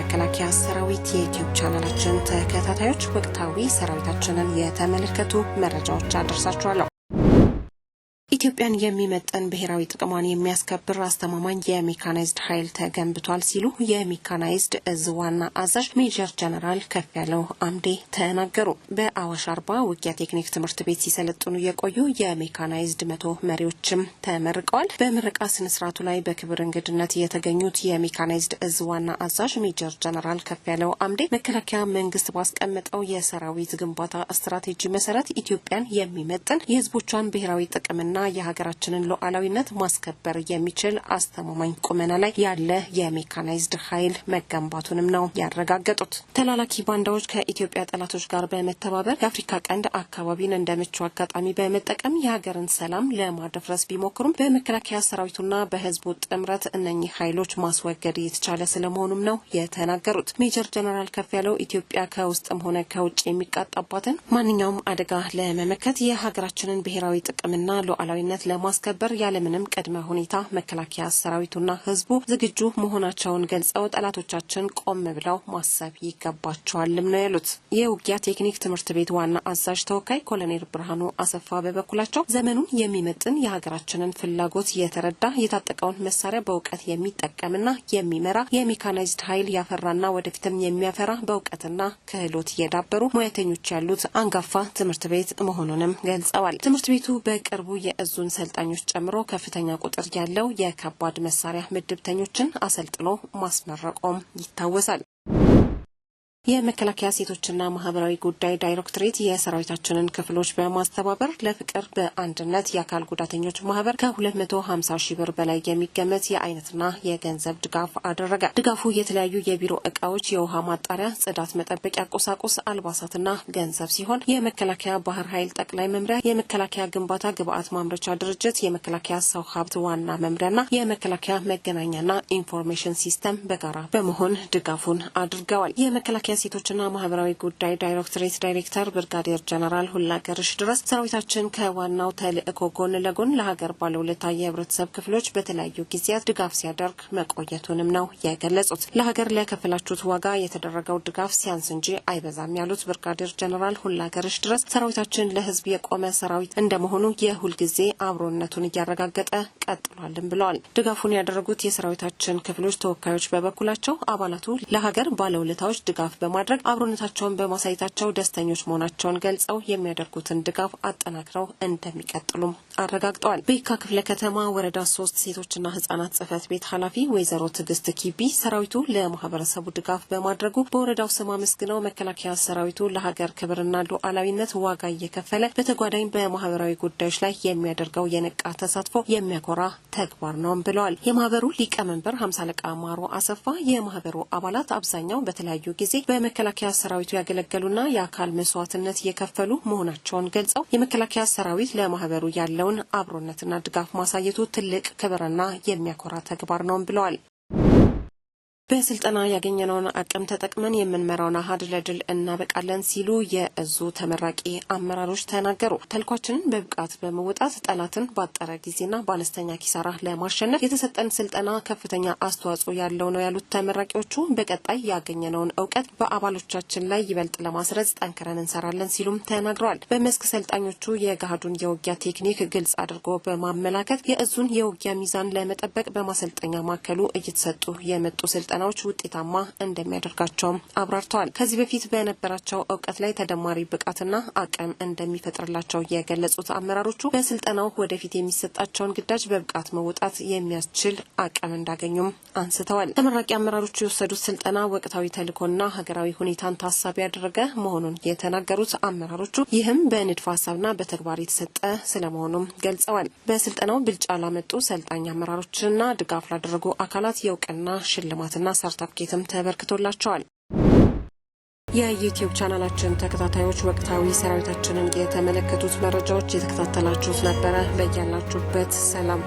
መከላከያ ሰራዊት የዩቲዩብ ቻናላችን ተከታታዮች ወቅታዊ ሰራዊታችንን የተመለከቱ መረጃዎች አደርሳችኋለሁ። ኢትዮጵያን የሚመጠን ብሔራዊ ጥቅሟን የሚያስከብር አስተማማኝ የሜካናይዝድ ኃይል ተገንብቷል ሲሉ የሜካናይዝድ እዝ ዋና አዛዥ ሜጀር ጀነራል ከፍ ያለው አምዴ ተናገሩ። በአዋሽ አርባ ውጊያ ቴክኒክ ትምህርት ቤት ሲሰለጥኑ የቆዩ የሜካናይዝድ መቶ መሪዎችም ተመርቀዋል። በምረቃ ስነ ላይ በክብር እንግድነት የተገኙት የሜካናይዝድ እዝ ዋና አዛዥ ሜጀር ጀነራል ከፍ ያለው አምዴ መከላከያ መንግስት ባስቀመጠው የሰራዊት ግንባታ ስትራቴጂ መሰረት ኢትዮጵያን የሚመጥን የህዝቦቿን ብሔራዊ ጥቅምና የሀገራችንን ሉዓላዊነት ማስከበር የሚችል አስተማማኝ ቁመና ላይ ያለ የሜካናይዝድ ኃይል መገንባቱንም ነው ያረጋገጡት። ተላላኪ ባንዳዎች ከኢትዮጵያ ጠላቶች ጋር በመተባበር የአፍሪካ ቀንድ አካባቢን እንደ ምቹ አጋጣሚ በመጠቀም የሀገርን ሰላም ለማደፍረስ ቢሞክሩም በመከላከያ ሰራዊቱና በህዝቡ ጥምረት እነኚህ ኃይሎች ማስወገድ የተቻለ ስለመሆኑም ነው የተናገሩት። ሜጀር ጀነራል ከፍ ያለው ኢትዮጵያ ከውስጥም ሆነ ከውጭ የሚቃጣባትን ማንኛውም አደጋ ለመመከት የሀገራችንን ብሔራዊ ጥቅምና ሉዓላዊ ሉዓላዊነት ለማስከበር ያለምንም ቅድመ ሁኔታ መከላከያ ሰራዊቱና ህዝቡ ዝግጁ መሆናቸውን ገልጸው ጠላቶቻችን ቆም ብለው ማሰብ ይገባቸዋልም ነው ያሉት። የውጊያ ቴክኒክ ትምህርት ቤት ዋና አዛዥ ተወካይ ኮሎኔል ብርሃኑ አሰፋ በበኩላቸው ዘመኑን የሚመጥን የሀገራችንን ፍላጎት የተረዳ የታጠቀውን መሳሪያ በእውቀት የሚጠቀምና የሚመራ የሜካናይዝድ ኃይል ያፈራና ወደፊትም የሚያፈራ በእውቀትና ክህሎት የዳበሩ ሙያተኞች ያሉት አንጋፋ ትምህርት ቤት መሆኑንም ገልጸዋል። ትምህርት ቤቱ በቅርቡ የዞን ሰልጣኞች ጨምሮ ከፍተኛ ቁጥር ያለው የከባድ መሳሪያ ምድብተኞችን አሰልጥኖ ማስመረቆም ይታወሳል። የመከላከያ ሴቶችና ማህበራዊ ጉዳይ ዳይሬክቶሬት የሰራዊታችንን ክፍሎች በማስተባበር ለፍቅር በአንድነት የአካል ጉዳተኞች ማህበር ከ250 ብር በላይ የሚገመት የአይነትና የገንዘብ ድጋፍ አደረገ። ድጋፉ የተለያዩ የቢሮ እቃዎች፣ የውሃ ማጣሪያ፣ ጽዳት መጠበቂያ ቁሳቁስ፣ አልባሳትና ገንዘብ ሲሆን የመከላከያ ባህር ኃይል ጠቅላይ መምሪያ፣ የመከላከያ ግንባታ ግብአት ማምረቻ ድርጅት፣ የመከላከያ ሰው ሀብት ዋና መምሪያና የመከላከያ መገናኛና ኢንፎርሜሽን ሲስተም በጋራ በመሆን ድጋፉን አድርገዋል። የመከላከያ የሴቶችና ማህበራዊ ጉዳይ ዳይሬክቶሬት ዳይሬክተር ብርጋዴር ጀነራል ሁላገርሽ ድረስ ሰራዊታችን ከዋናው ተልእኮ ጎን ለጎን ለሀገር ባለውለታ የህብረተሰብ ክፍሎች በተለያዩ ጊዜያት ድጋፍ ሲያደርግ መቆየቱንም ነው የገለጹት። ለሀገር ለከፈላችሁት ዋጋ የተደረገው ድጋፍ ሲያንስ እንጂ አይበዛም ያሉት ብርጋዴር ጀነራል ሁላገርሽ ድረስ ሰራዊታችን ለህዝብ የቆመ ሰራዊት እንደመሆኑ የሁልጊዜ አብሮነቱን እያረጋገጠ ቀጥሏልም ብለዋል። ድጋፉን ያደረጉት የሰራዊታችን ክፍሎች ተወካዮች በበኩላቸው አባላቱ ለሀገር ባለውለታዎች ድጋፍ በማድረግ አብሮነታቸውን በማሳየታቸው ደስተኞች መሆናቸውን ገልጸው የሚያደርጉትን ድጋፍ አጠናክረው እንደሚቀጥሉም አረጋግጠዋል። በየካ ክፍለ ከተማ ወረዳ ሶስት ሴቶችና ህጻናት ጽህፈት ቤት ኃላፊ ወይዘሮ ትዕግስት ኪቢ ሰራዊቱ ለማህበረሰቡ ድጋፍ በማድረጉ በወረዳው ስም አመስግነው መከላከያ ሰራዊቱ ለሀገር ክብርና ሉዓላዊነት ዋጋ እየከፈለ በተጓዳኝ በማህበራዊ ጉዳዮች ላይ የሚያደርገው የነቃ ተሳትፎ የሚያኮራ ተግባር ነውም ብለዋል። የማህበሩ ሊቀመንበር ሀምሳ አለቃ ማሮ አሰፋ የማህበሩ አባላት አብዛኛው በተለያዩ ጊዜ በመከላከያ ሰራዊቱ ያገለገሉና የአካል መስዋዕትነት እየከፈሉ መሆናቸውን ገልጸው የመከላከያ ሰራዊት ለማህበሩ ያለውን አብሮነትና ድጋፍ ማሳየቱ ትልቅ ክብርና የሚያኮራ ተግባር ነው ብለዋል። በስልጠና ያገኘነውን አቅም ተጠቅመን የምንመራውን አሀድ ለድል እናበቃለን ሲሉ የእዙ ተመራቂ አመራሮች ተናገሩ። ተልኳችንን በብቃት በመወጣት ጠላትን ባጠረ ጊዜና በአነስተኛ ኪሳራ ለማሸነፍ የተሰጠን ስልጠና ከፍተኛ አስተዋጽኦ ያለው ነው ያሉት ተመራቂዎቹ በቀጣይ ያገኘነውን እውቀት በአባሎቻችን ላይ ይበልጥ ለማስረጽ ጠንክረን እንሰራለን ሲሉም ተናግረዋል። በመስክ ሰልጣኞቹ የገሃዱን የውጊያ ቴክኒክ ግልጽ አድርጎ በማመላከት የእዙን የውጊያ ሚዛን ለመጠበቅ በማሰልጠኛ ማዕከሉ እየተሰጡ የመጡ ስልጠ ስልጠናዎች ውጤታማ እንደሚያደርጋቸውም አብራርተዋል። ከዚህ በፊት በነበራቸው እውቀት ላይ ተደማሪ ብቃትና አቅም እንደሚፈጥርላቸው የገለጹት አመራሮቹ በስልጠናው ወደፊት የሚሰጣቸውን ግዳጅ በብቃት መወጣት የሚያስችል አቅም እንዳገኙም አንስተዋል። ተመራቂ አመራሮቹ የወሰዱት ስልጠና ወቅታዊ ተልዕኮና ሀገራዊ ሁኔታን ታሳቢ ያደረገ መሆኑን የተናገሩት አመራሮቹ ይህም በንድፈ ሀሳብና በተግባር የተሰጠ ስለመሆኑም ገልጸዋል። በስልጠናው ብልጫ ላመጡ ሰልጣኝ አመራሮችና ድጋፍ ላደረጉ አካላት የእውቅና ሽልማትና ሽልማትና ሰርተፍኬትም ተበርክቶላቸዋል። የዩቲዩብ ቻናላችን ተከታታዮች ወቅታዊ ሰራዊታችንን የተመለከቱት መረጃዎች የተከታተላችሁት ነበረ። በያላችሁበት ሰላም